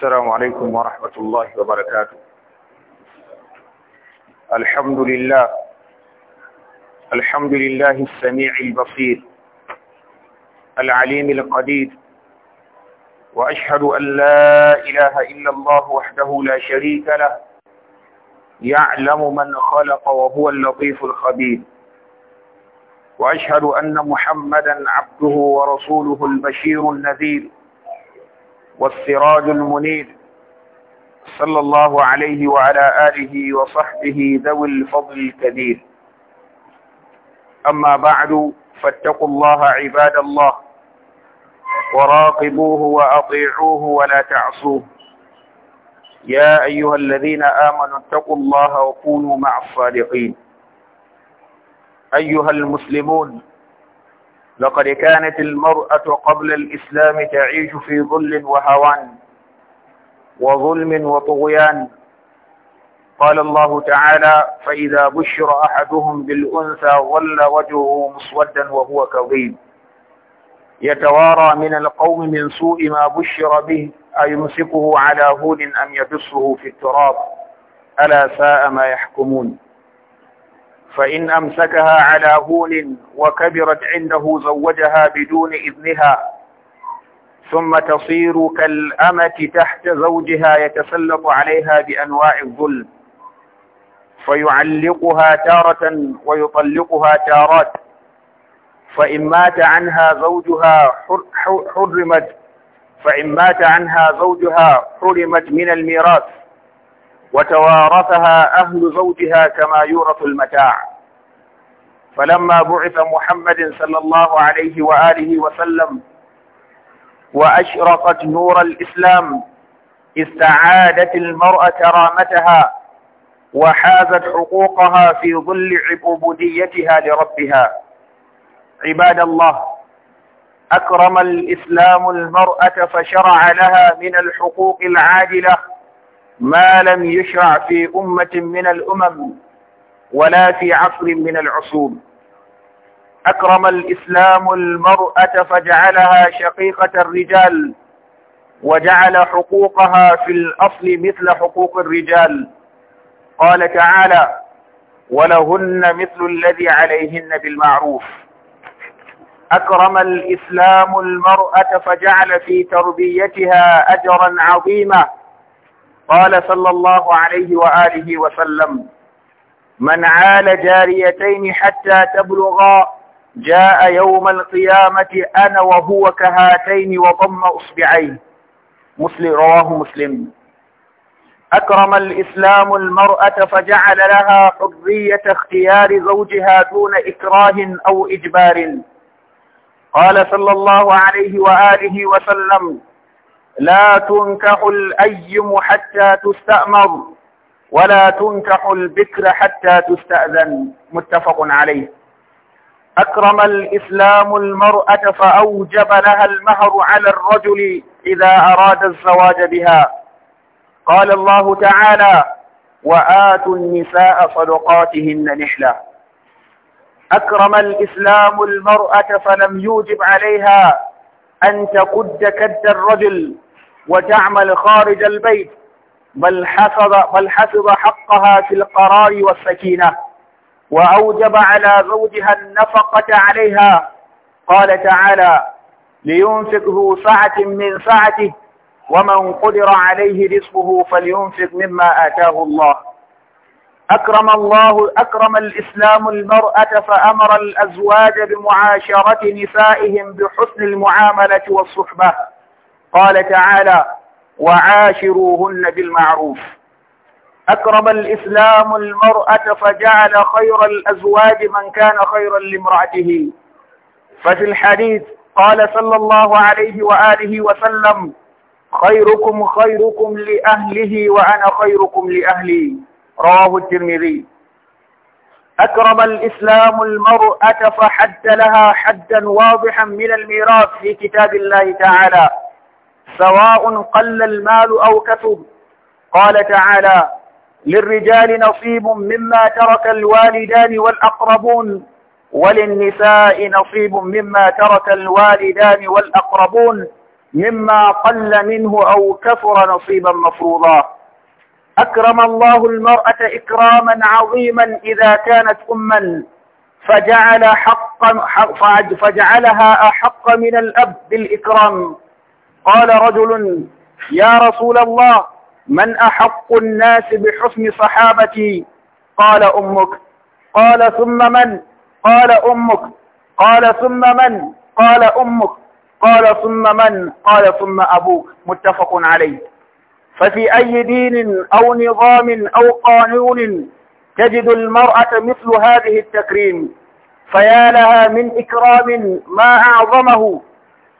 السلام عليكم ورحمة الله وبركاته الحمد لله الحمد لله السميع البصير العليم القدير وأشهد أن لا إله إلا الله وحده لا شريك له يعلم من خلق وهو اللطيف الخبير وأشهد أن محمدا عبده ورسوله البشير النذير والسراج المنير صلى الله عليه وعلى آله وصحبه ذوي الفضل الكبير أما بعد فاتقوا الله عباد الله وراقبوه وأطيعوه ولا تعصوه يا أيها الذين آمنوا اتقوا الله وكونوا مع الصادقين أيها المسلمون لقد كانت المرأة قبل الإسلام تعيش في ظل وهوان وظلم وطغيان قال الله تعالى فإذا بشر أحدهم بالأنثى ظل وجهه مسودا وهو كظيم يتوارى من القوم من سوء ما بشر به أيمسكه على هون أم يدسه في التراب ألا ساء ما يحكمون فإن أمسكها على هون وكبرت عنده زوجها بدون إذنها ثم تصير كالأمة تحت زوجها يتسلط عليها بأنواع الظلم فيعلقها تارة ويطلقها تارات فإن مات عنها زوجها حرمت فإن مات عنها زوجها حرمت من الميراث وتوارثها أهل زوجها كما يورث المتاع فلما بعث محمد صلى الله عليه وآله وسلم وأشرقت نور الإسلام استعادت المرأة كرامتها وحازت حقوقها في ظل عبوديتها لربها عباد الله أكرم الإسلام المرأة فشرع لها من الحقوق العادلة ما لم يشرع في أمة من الأمم ولا في عصر من العصور أكرم الإسلام المرأة فجعلها شقيقة الرجال وجعل حقوقها في الأصل مثل حقوق الرجال قال تعالى ولهن مثل الذي عليهن بالمعروف أكرم الإسلام المرأة فجعل في تربيتها أجرا عظيما قال صلى الله عليه وآله وسلم من عال جاريتين حتى تبلغا جاء يوم القيامة أنا وهو كهاتين وضم أصبعيه مسلم رواه مسلم أكرم الإسلام المرأة فجعل لها حرية اختيار زوجها دون إكراه أو إجبار قال صلى الله عليه وآله وسلم لا تنكح الأيم حتى تستأمر ولا تنكح البكر حتى تستأذن متفق عليه أكرم الإسلام المرأة فأوجب لها المهر على الرجل إذا أراد الزواج بها قال الله تعالى وآتوا النساء صدقاتهن نحلة أكرم الإسلام المرأة فلم يوجب عليها أن تكد كد الرجل وتعمل خارج البيت بل حفظ, بل حفظ حقها في القرار والسكينة وأوجب على زوجها النفقة عليها قال تعالى لينفق ذو سعة من سعته ومن قدر عليه رزقه فلينفق مما آتاه الله أكرم الله أكرم الإسلام المرأة فأمر الأزواج بمعاشرة نسائهم بحسن المعاملة والصحبة قال تعالى وعاشروهن بالمعروف أكرم الإسلام المرأة فجعل خير الأزواج من كان خيرا لامرأته ففي الحديث قال صلى الله عليه وآله وسلم خيركم خيركم لأهله وأنا خيركم لأهلي رواه الترمذي أكرم الإسلام المرأة فحد لها حدا واضحا من الميراث في كتاب الله تعالى سواء قل المال أو كثب قال تعالى للرجال نصيب مما ترك الوالدان والأقربون وللنساء نصيب مما ترك الوالدان والأقربون مما قل منه أو كثر نصيبا مفروضا أكرم الله المرأة إكراما عظيما إذا كانت أما فجعل حقا فجعلها أحق من الأب بالإكرام قال رجل يا رسول الله من أحق الناس بحسن صحابتي قال أمك قال ثم من قال أمك قال ثم من قال أمك قال ثم من قال ثم أبوك متفق عليه ففي أي دين أو نظام أو قانون تجد المرأة مثل هذه التكريم فيا لها من إكرام ما أعظمه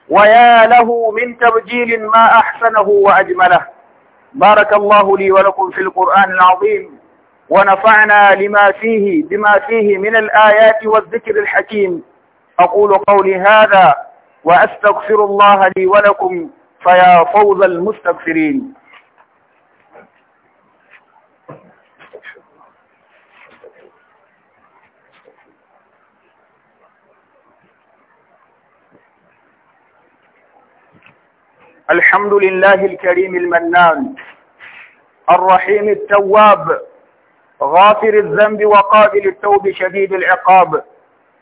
ويا له من تبجيل ما أحسنه وأجمله بارك الله لي ولكم في القرآن العظيم ونفعنا لما فيه بما فيه من الآيات والذكر الحكيم أقول قولي هذا وأستغفر الله لي ولكم فيا فوز المستغفرين الحمد لله الكريم المنان الرحيم التواب غافر الذنب وقابل التوب شديد العقاب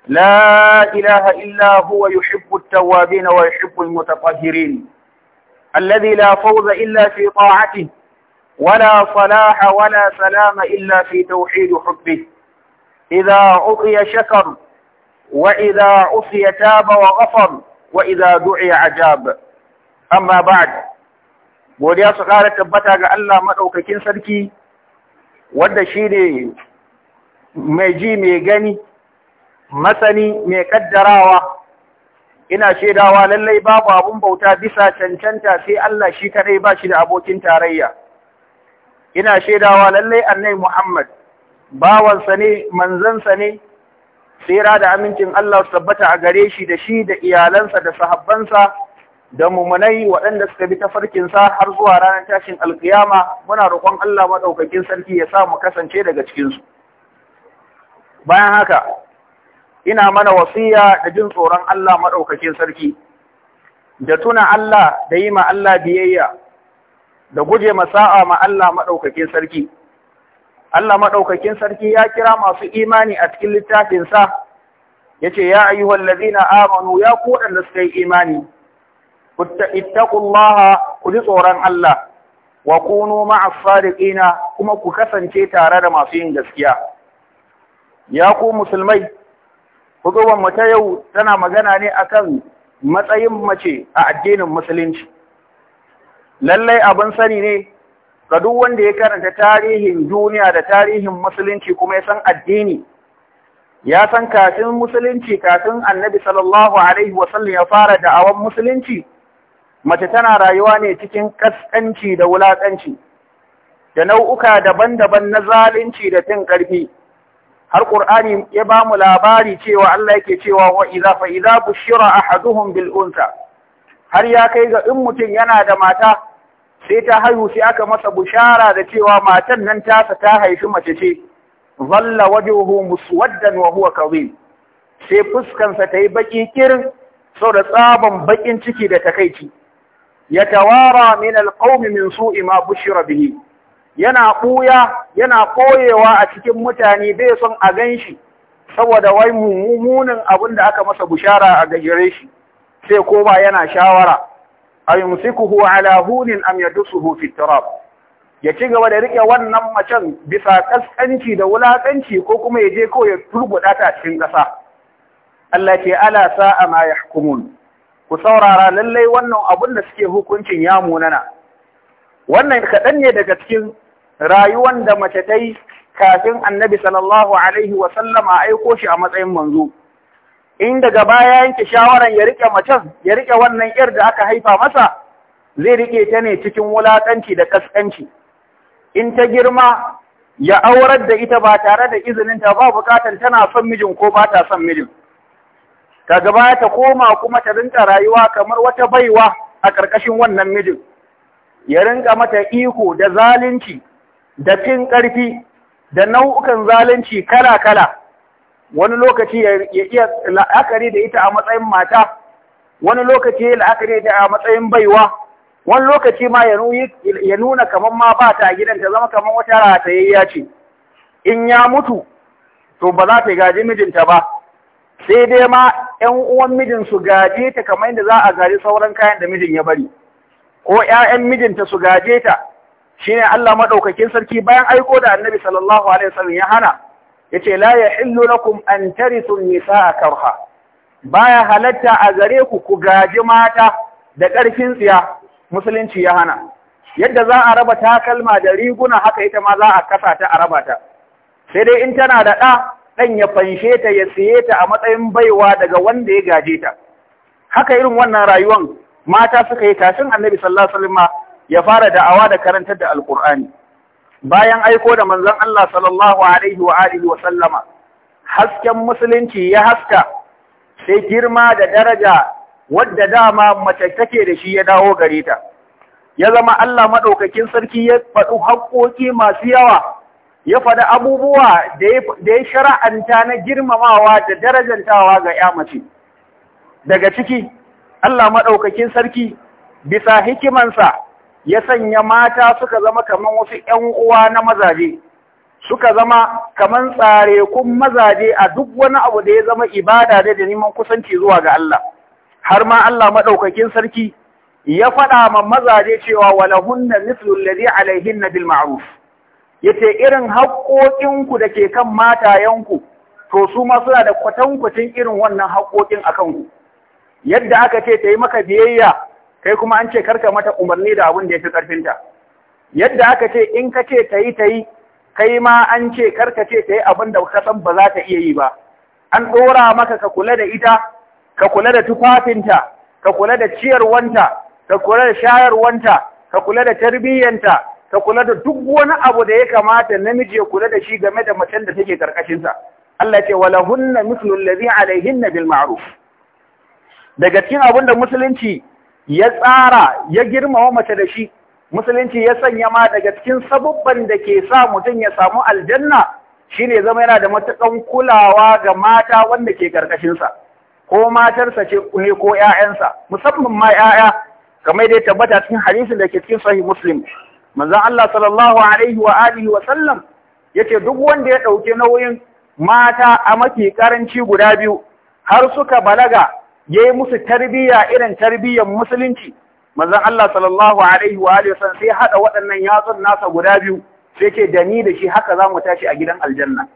لا إله إلا هو يحب التوابين ويحب المتطهرين الذي لا فوز إلا في طاعته ولا صلاح ولا سلام إلا في توحيد حبه إذا عطي شكر وإذا عصي تاب وغفر وإذا دعي عجاب amma ba da, godiya su ƙara tabbata ga Allah maɗaukakin sarki wadda shi ne mai ji mai gani masani mai ƙaddarawa. ina shaidawa lallai babu abun bauta bisa cancanta sai Allah shi kadai ba shi da abokin tarayya ina shaidawa lallai annai Muhammad bawansa ne manzansa ne tsira da amincin Allah su tabbata a gare shi da shi da iyalansa da sahabbansa da mumunai waɗanda suka bi ta tafarkinsa har zuwa ranar tashin alkiyama muna roƙon Allah maɗaukakin sarki ya sa mu kasance daga cikinsu. Bayan haka, ina mana wasiya da jin tsoron Allah maɗaukakin sarki, da tuna Allah da yi ma Allah biyayya, da guje masa'a ma Allah maɗaukakin sarki. Allah maɗaukakin sarki ya kira masu imani a cikin littafinsa, ya ce, Ya ayyuhallazina amanu ya ku waɗanda suka yi imani. ittaqullaha ku ji tsoron Allah wa kunu ma'as sadiqina kuma ku kasance tare da masu yin gaskiya ya ku musulmai hukumar mu ta yau tana magana ne akan matsayin mace a addinin musulunci lallai abin sani ne ga duk wanda ya karanta tarihin duniya da tarihin musulunci kuma ya san addini ya san kafin musulunci kafin annabi sallallahu alaihi wasallam ya fara da'awan musulunci mace tana rayuwa ne cikin ƙasƙanci da wulaƙanci da nau'uka daban-daban na zalunci da cin ƙarfi har Qur'ani ya ba mu labari cewa Allah yake cewa wa idza fa idza bushira ahaduhum bil unsa har ya kai ga in mutum yana da mata sai ta haihu sai aka masa bushara da cewa matan nan tasa ta haifi mace ce zalla wajhuhu muswaddan wa huwa kadhib sai fuskansa ta yi baki kirin sau da tsaban bakin ciki da takaici yatawara min alqaumi min su'i ma bushira bihi yana ɓuya yana koyewa a cikin mutane bai son a ganshi saboda wai mummunin abin da aka masa bushara a gajire shi sai ba yana shawara ayumsikuhu ala hunin am yadusuhu fi turab ya ci gaba da rike wannan macen bisa kaskanci da wulakanci ko kuma ya je ko ya turbuda ta cikin ƙasa Allah ke ala sa'a ma yahkumun ku saurara lallai wannan abun da suke hukuncin ya munana wannan kaɗan ne daga cikin rayuwan da mace ta yi kafin annabi sallallahu alaihi wa a aiko shi a matsayin manzo in daga baya yanke shawaran ya rike macen ya riƙe wannan yar da aka haifa masa zai riƙe ta ne cikin wulaƙanci da ƙasƙanci. in ta girma ya aurar da ita ba tare da izininta ba bukatar tana son mijin ko ba ta son mijin kaga gaba ta koma kuma ta rinka rayuwa kamar wata baiwa a ƙarƙashin wannan mijin ya rinka mata iko da zalunci da cin ƙarfi da nau'ukan zalunci kala-kala wani lokaci ya iya la'akari da ita a matsayin mata wani lokaci ya la'akari da a matsayin baiwa wani lokaci ma ya nuna kamar ma ba ta gidan ta zama kamar wata ratayayya ce in ya mutu to ba za ta gaji mijinta ba sai dai ma ‘yan uwan mijin su gaje ta kamar yadda za a gaji sauran kayan da mijin ya bari, ko ‘ya'yan mijinta su gaje ta, shine Allah maɗaukakin sarki bayan aiko da annabi sallallahu Alaihi wasallam ya hana, ya ce, La ya na lakum an sun nisa a karha, baya halatta a gare ku ku gaji mata da ƙarfin tsiya, musulunci ya hana. Yadda za a raba takalma da riguna haka ita ma za a kasa ta a raba ta, sai dai in tana da ɗa ɗan ya fanshe ta ya siye ta a matsayin baiwa daga wanda ya gaje ta haka irin wannan rayuwan mata suka yi kafin annabi sallallahu alaihi wasallam ya fara da'awa da karantar da alkur'ani bayan aiko da manzon Allah sallallahu alaihi wa alihi wa sallama hasken musulunci ya haska sai girma da daraja wadda dama mace take da shi ya dawo gare ta ya zama Allah maɗaukakin sarki ya faɗu haƙoƙi masu yawa ya faɗi abubuwa da ya shara'anta na girmamawa da darajantawa ga ya mace daga ciki Allah maɗaukakin sarki bisa hikimansa ya sanya mata suka zama kamar wasu ‘yan uwa na mazaje, suka zama kamar tsare kun mazaje a duk wani abu da ya zama ibada da da neman kusanci zuwa ga Allah. Har ma Allah maɗaukakin sarki ya faɗa ma mazaje cewa walahunna mislul ladhi alaihinna bil ma'ruf. yace irin haƙoƙinku da ke kan matayenku to su ma suna da kwatankwacin irin wannan haƙoƙin a kanku yadda aka ce ta yi maka biyayya kai kuma an ce karka mata umarni da abin da ya fi ƙarfinta yadda aka ce in ka ce ta yi ta yi kai ma an ce karka ce ta yi abin da ka san ba za ta iya yi ba an ɗora maka ka kula da ita ka kula da tufafinta ka kula da ciyarwanta ka kula da shayarwanta ka kula da tarbiyyanta ta kula da duk wani abu da ya kamata namiji ya kula da shi game da macen da take karkashinsa Allah ce walahunna mislu allazi alaihinna bil ma'ruf daga cikin abin da musulunci ya tsara ya girmama mace da shi musulunci ya sanya ma daga cikin sabubban da ke sa mutum ya samu aljanna shi ne zama yana da matukan kulawa ga mata wanda ke karkashinsa ko matarsa ce ne ko 'ya'yansa musamman ma 'ya'ya kamar dai tabbata cikin hadisin da ke cikin sahih muslim manzo Allah sallallahu alaihi wa alihi wa sallam yace duk wanda ya dauke nauyin mata a mafi karanci guda biyu har suka balaga yayi musu tarbiya irin tarbiyyar musulunci manzo Allah sallallahu alaihi wa alihi wa sallam sai hada waɗannan yatsun nasa guda biyu sai ce da ni da shi haka za mu tashi a gidan aljanna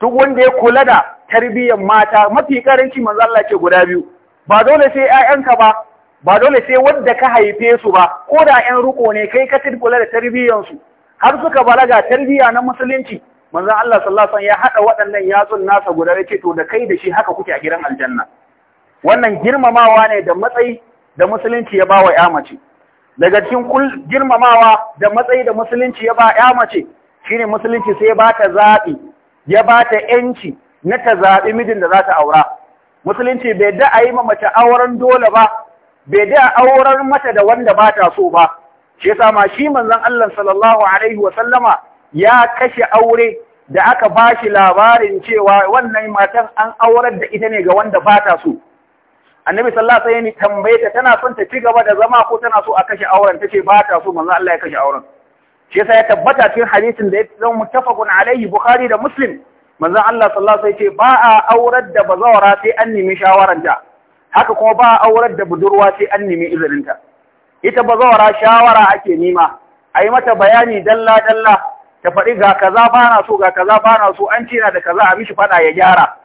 duk wanda ya kula da tarbiyyar mata mafi karanci manzo Allah ce guda biyu ba dole sai 'ya'yanka ba ba dole sai wanda ka haife su ba ko da 'yan ruko ne kai ka tilkula da tarbiyyansu har suka balaga tarbiyya na musulunci manzon Allah sallallahu ya haɗa waɗannan yatsun nasa guda yace to da kai da shi haka kuke a gidan aljanna wannan girmamawa ne da matsayi da musulunci ya bawa ƴa mace daga cikin girmamawa da matsayi da musulunci ya ba ya mace shine musulunci sai ba ta zaɓi ya ba ta ƴanci na ta zaɓi mijin da za ta aura musulunci bai da a yi ma mace auren dole ba bai da aurar mata da wanda ba ta so ba shi yasa ma shi manzon Allah sallallahu alaihi wa ya kashe aure da aka bashi labarin cewa wannan matan an aurar da ita ne ga wanda ba ta so annabi sallallahu alaihi ya tambaye ta tana son ta ci gaba da zama ko tana so a kashe auren ta ce ba ta so manzo Allah ya kashe auren shi yasa ya tabbata cikin hadisin da ya zama mutafakun alaihi bukhari da muslim manzo Allah sallallahu alaihi ya ce ba a aurar da bazawara sai an nemi shawaranta haka kuma ba aurar da budurwa sai an nemi izininta ita ba bazawara shawara ake nima a yi mata bayani dalla dalla ta faɗi ga kaza ba na so ga kaza ba na so an ce na da kaza a mishi faɗa ya gyara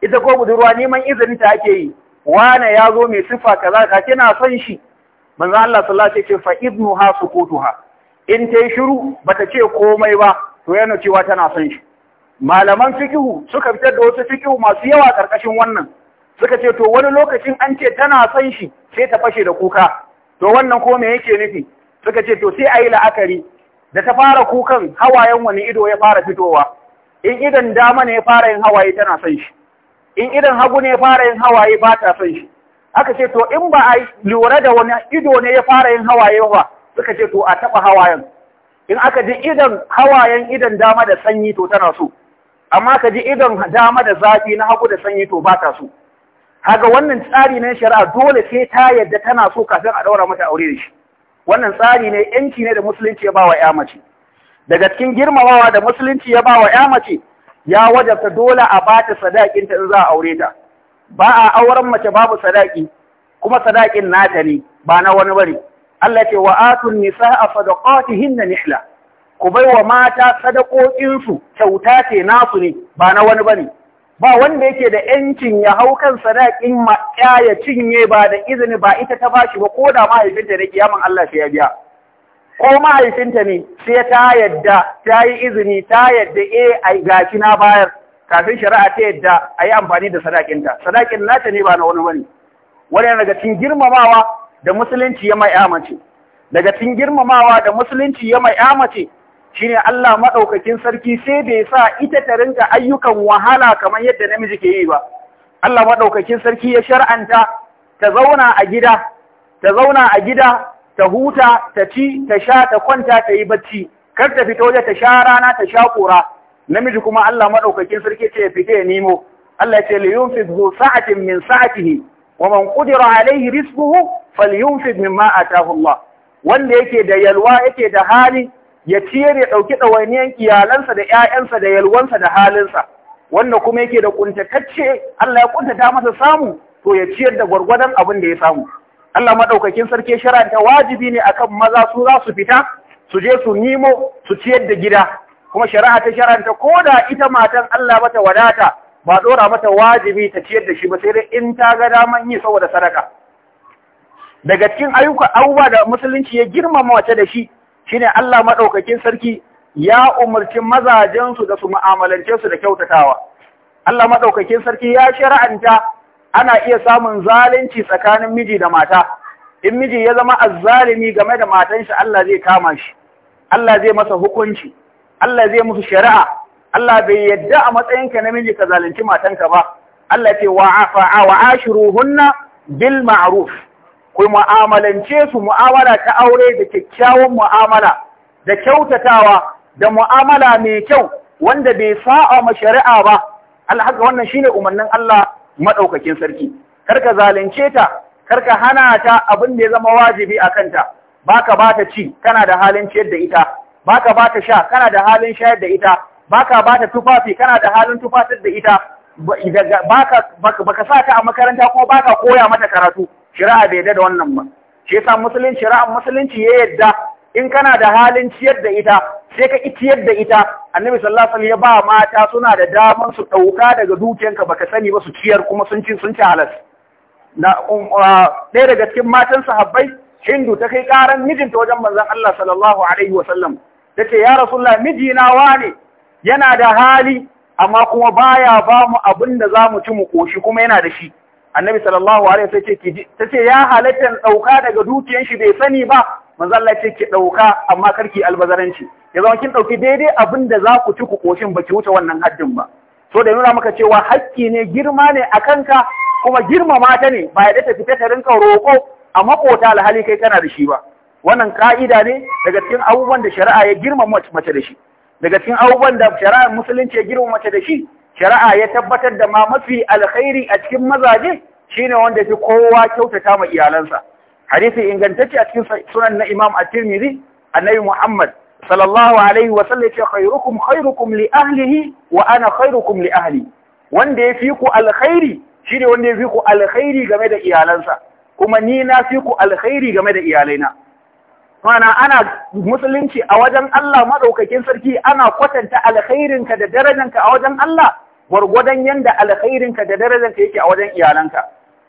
ita ko budurwa neman izininta ake yi wane ya zo mai siffa kaza ka kina son shi manzo Allah sallallahu alaihi wasallam ce fa kotu ha. in ta yi shiru bata ce komai ba to yana cewa tana son shi malaman fikihu suka fitar da wasu fikihu masu yawa ƙarƙashin wannan suka ce to wani lokacin an ce tana son shi sai ta fashe da kuka to wannan ko me yake nufi suka ce to sai a la'akari da ta fara kukan hawayen wani ido ya fara fitowa in idan dama ne ya fara yin hawaye tana son shi in idan hagu ne ya fara yin hawaye ba ta son shi aka ce to in ba a lura da wani ido ne ya fara yin hawaye ba suka ce to a taba hawayen in aka ji idan hawayen idan dama da sanyi to tana so amma ka ji idan dama da zafi na hagu da sanyi to ba ta so kaga wannan tsari na shari'a dole sai ta yadda tana so kafin a ɗaura mata aure da shi wannan tsari ne yanci ne da musulunci ya bawa ya mace daga cikin girmamawa da musulunci ya bawa ya mace ya wajabta dole a bata sadakin ta in za a aure ta ba a auren mace babu sadaki kuma sadakin nata ne ba na wani bane Allah ce wa atun nisaa sadaqatihinna nihla ku bai wa mata sadakokinsu kyauta ce nasu ne ba na wani bane ba wanda yake da ‘yancin ya hau kan sadaƙin maƙya ya cinye ba da izini ba ita ta bashi ba ko da mahaifinta ne kiyaman Allah shi ya biya. Ko mahaifinta ne sai ta yadda ta yi izini ta yadda e eh, a gashi na bayar kafin shari'a ta yadda a yi amfani da sadaƙinta. Sadaƙin nata ne ba na wani wani. Wani daga cikin girmamawa da musulunci ya mai amace. girmamawa da musulunci ya mai amace shine Allah maɗaukakin sarki sai bai sa ita ta rinka ayyukan wahala kamar yadda namiji ke yi ba Allah maɗaukakin sarki ya shar'anta ta zauna a gida ta zauna a gida ta huta ta ci ta sha ta kwanta ta yi bacci kar ta fito ta sha rana ta sha kura namiji kuma Allah maɗaukakin sarki ce ya fita ya nemo Allah ce li yunfiq zu sa'atin min sa'atihi wa man qudira alayhi rizquhu falyunfiq mimma ataahu Allah wanda yake da yalwa yake da hali ya ciyar ya ɗauki ɗawainiyar iyalansa da ‘ya'yansa da yalwansa da halinsa, wanda kuma yake da ƙuntatacce Allah ya ƙuntata masa samu to ya ciyar da gwargwadon abin da ya samu. Allah maɗaukakin sarki shara'anta wajibi ne akan maza su za su fita, su je su nemo, su ciyar da gida, kuma shari'a ta shara'anta ko da ita matan Allah mata wadata ba ɗora mata wajibi ta ciyar da shi ba sai dai in ta ga daman yi saboda sadaka. Daga cikin ayyuka abubuwa da musulunci ya girmama wace da shi shine Allah maɗaukakin sarki ya umarci mazajensu da su mu'amalance su da kyautatawa Allah maɗaukakin sarki ya shara'anta ana iya samun zalunci tsakanin miji da mata in miji ya zama azzalimi game da matan shi Allah zai kama shi Allah zai masa hukunci Allah zai musu shari'a Allah bai yadda a matsayinka na miji ka zalunci matanka ba Allah ce wa afa wa ashiruhunna bil ma'ruf ku mu'amalance su mu'amala ta aure da kyakkyawan mu'amala da kyautatawa da mu'amala mai kyau wanda bai sa'a ma shari'a ba alhaka wannan shine umarnin Allah madaukakin sarki Kar ka zalunce ta kar ka hana ta abin da ya zama wajibi a kanta baka bata ci kana da halin ciyar da ita baka bata sha kana da halin shayar da ita baka bata tufafi kana da halin tufatar da ita Ba ka sa ta a makaranta ko ka koya mata karatu Shira'a bai yadda da wannan ba shi yasa musulunci shari'ar musulunci ya yadda in kana da halin ciyar da ita sai ka ciyar da ita annabi sallallahu alaihi ya ba mata suna da daman su dauka daga dukiyanka baka sani ba su ciyar kuma sun ci sun ci halas na um, uh, ɗaya daga cikin matan sahabbai Hindu ta kai karan mijinta wajen manzon Allah sallallahu alaihi wa sallam tace ya rasulullah mijina wane yana da hali amma kuma baya ba mu abin da za mu ci mu koshi kuma yana da shi annabi sallallahu alaihi wasallam ce ta ce ya halatta ɗauka daga dukiyan shi bai sani ba manzo ce ki ɗauka amma karki albazaranci ya zama kin ɗauki daidai abin da za ku ci ku koshin baki wuce wannan haddin ba so da nuna maka cewa hakki ne girma ne a ka? kuma girmama ta ne ba ya da fita ta rinka roƙo a makota alhali kai kana da shi ba wannan ka'ida ne daga cikin abubuwan da shari'a ya girmama mace da shi daga cikin abubuwan da shari'ar musulunci ya girma mace da shi shari'a ya tabbatar da ma mafi alkhairi a cikin mazaje shine wanda fi kowa kyautata ma iyalansa hadisi ingantacce a cikin sunan na Imam At-Tirmidhi annabi Muhammad sallallahu alaihi wa sallam ce khairukum khairukum li ahlihi wa ana khairukum li ahli wanda ya fi ku alkhairi shine wanda ya fi ku alkhairi game da iyalansa kuma ni na fi ku alkhairi game da iyalaina mana ana musulunci a wajen Allah madaukakin sarki ana kwatanta alkhairinka da darajanka a wajen Allah gwargwadon yanda alkhairinka da darajanka yake a wajen iyalanka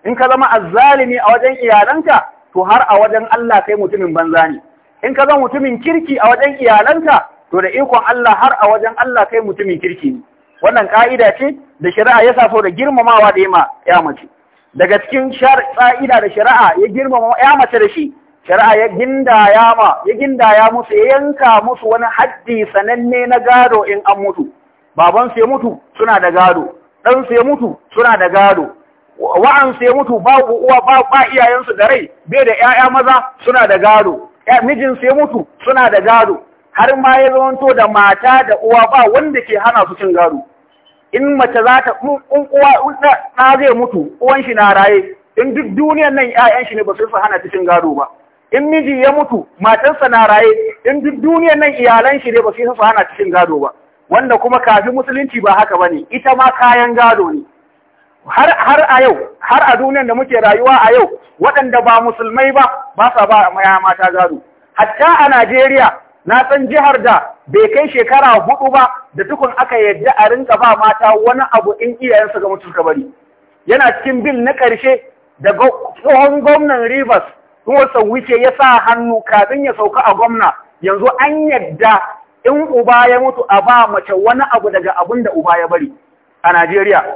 in ka zama azzalimi a wajen iyalanka to har a wajen Allah kai mutumin banza ne in ka zama mutumin kirki a wajen iyalanka to da ikon Allah har a wajen Allah kai mutumin kirki ne wannan ƙa'ida ce da shari'a ya sa so da girmamawa da ya mace daga cikin sha'ida da shari'a ya girmama ya mace da shi shari'a ya gindaya ma ya gindaya musu ya yanka musu wani haddi sananne na gado in an mutu baban su ya mutu suna da gado dan ya mutu suna da gado wa'an ya mutu babu uwa ba ba iyayensu da rai bai da ƴaƴa maza suna da gado mijin ya mutu suna da gado har ma ya zanto da mata da uwa ba wanda ke hana su cin gado in mace za ta in uwa ɗa zai mutu uwan shi na raye in duk duniyan nan ƴaƴan shi ne ba su hana su cin gado ba in miji ya mutu matansa na raye in duk duniyar nan iyalan shi ne ba su su hana cikin gado ba wanda kuma kafin musulunci ba haka bane ita ma kayan gado ne har a yau har a duniyar da muke rayuwa a yau waɗanda ba musulmai ba ba sa ba maya mata gado hatta a Najeriya na san jihar da bai kai shekara hudu ba da tukun aka yadda a rinka ba mata wani abu in iyayensu ga mutum bari yana cikin bil na ƙarshe daga tsohon gwamnan Rivers duwarsa wuce ya sa hannu kafin ya sauka a gwamna yanzu an yadda in uba ya mutu a ba mace wani abu daga abin da uba ya bari a Najeriya.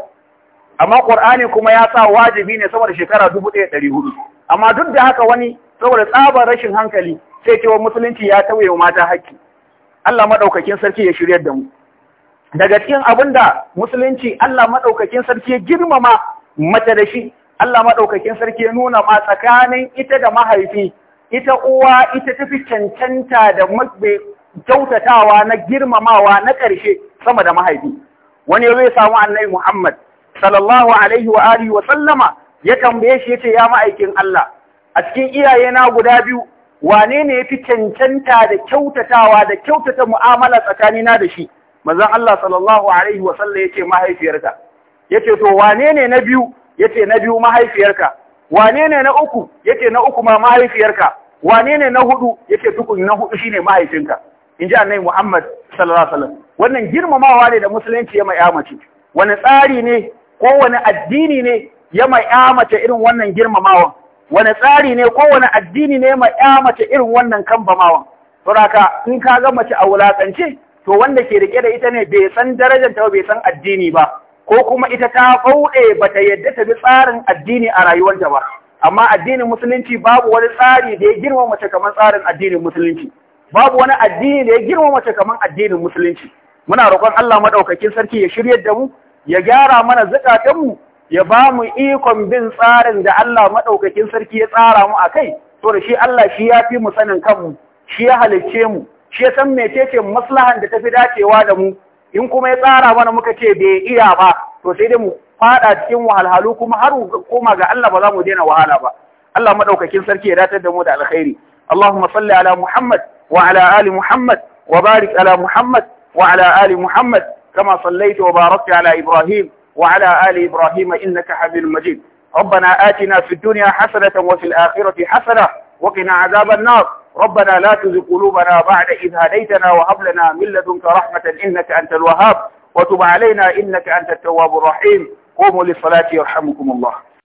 Amma Ƙur'ani kuma ya sa wajibi ne saboda shekara hudu. Amma duk da haka wani saboda tsabar rashin hankali sai cewa musulunci ya tauye wa mata haƙƙi. Allah maɗaukakin sarki ya shirya da mu. Daga cikin abin da musulunci Allah maɗaukakin sarki ya girmama mace da shi Allah maɗaukakin sarki ya nuna ma tsakanin ita da mahaifi, ita uwa ita tafi cancanta da kyautatawa na girmamawa na ƙarshe sama da mahaifi. Wani ya samu annabi Muhammad sallallahu alaihi wa alihi wa sallama ya tambaye shi yace ya ma'aikin Allah a cikin iyaye na guda biyu wane ne yafi cancanta da kyautatawa da kyautata mu'amala tsakanina da shi? Manzon Allah sallallahu alaihi wa sallam yace mahaifiyarka. Yace to wane ne na biyu yace na biyu mahaifiyarka wane ne na uku yace na uku ma mahaifiyarka wane ne na hudu yace dukun na hudu shine mahaifinka inji annabi Muhammad sallallahu alaihi wasallam wannan girmamawa ne da musulunci ya mai wani tsari ne ko wani addini ne ya mai irin wannan girmamawa wani tsari ne ko wani addini ne ya mai mace irin wannan kambamawa saboda in ka ga mace a wulakance to wanda ke rike da ita ne bai san darajar ta bai san addini ba ko kuma ita ta bauɗe ba ta yadda ta bi tsarin addini a rayuwarta ba amma addinin musulunci babu wani tsari da ya girma mace kamar tsarin addinin musulunci babu wani addini da ya girma mace kamar addinin musulunci muna roƙon Allah maɗaukakin sarki ya shiryar da mu ya gyara mana mu, ya ba mu ikon bin tsarin da Allah maɗaukakin sarki ya tsara mu akai to da shi Allah shi ya fi mu sanin kanmu shi ya halicce mu shi ya san mecece maslahan da tafi dacewa da mu in kuma ya tsara mana muka ce bai iya ba to sai dai mu fada cikin wahalhalu kuma har koma ga Allah ba za mu daina wahala ba Allah madaukakin sarki ya datar da mu da alkhairi Allahumma salli ala Muhammad wa ala ali Muhammad wa barik ala Muhammad wa ala ali Muhammad kama sallaita wa barakta ala Ibrahim wa ala ali Ibrahim innaka Hamidul Majid ربنا آتنا في الدنيا حسنة وفي الآخرة حسنة وقنا عذاب النار ربنا لا تزغ قلوبنا بعد إذ هديتنا وهب لنا من لدنك رحمة إنك أنت الوهاب وتب علينا إنك أنت التواب الرحيم قوموا للصلاة يرحمكم الله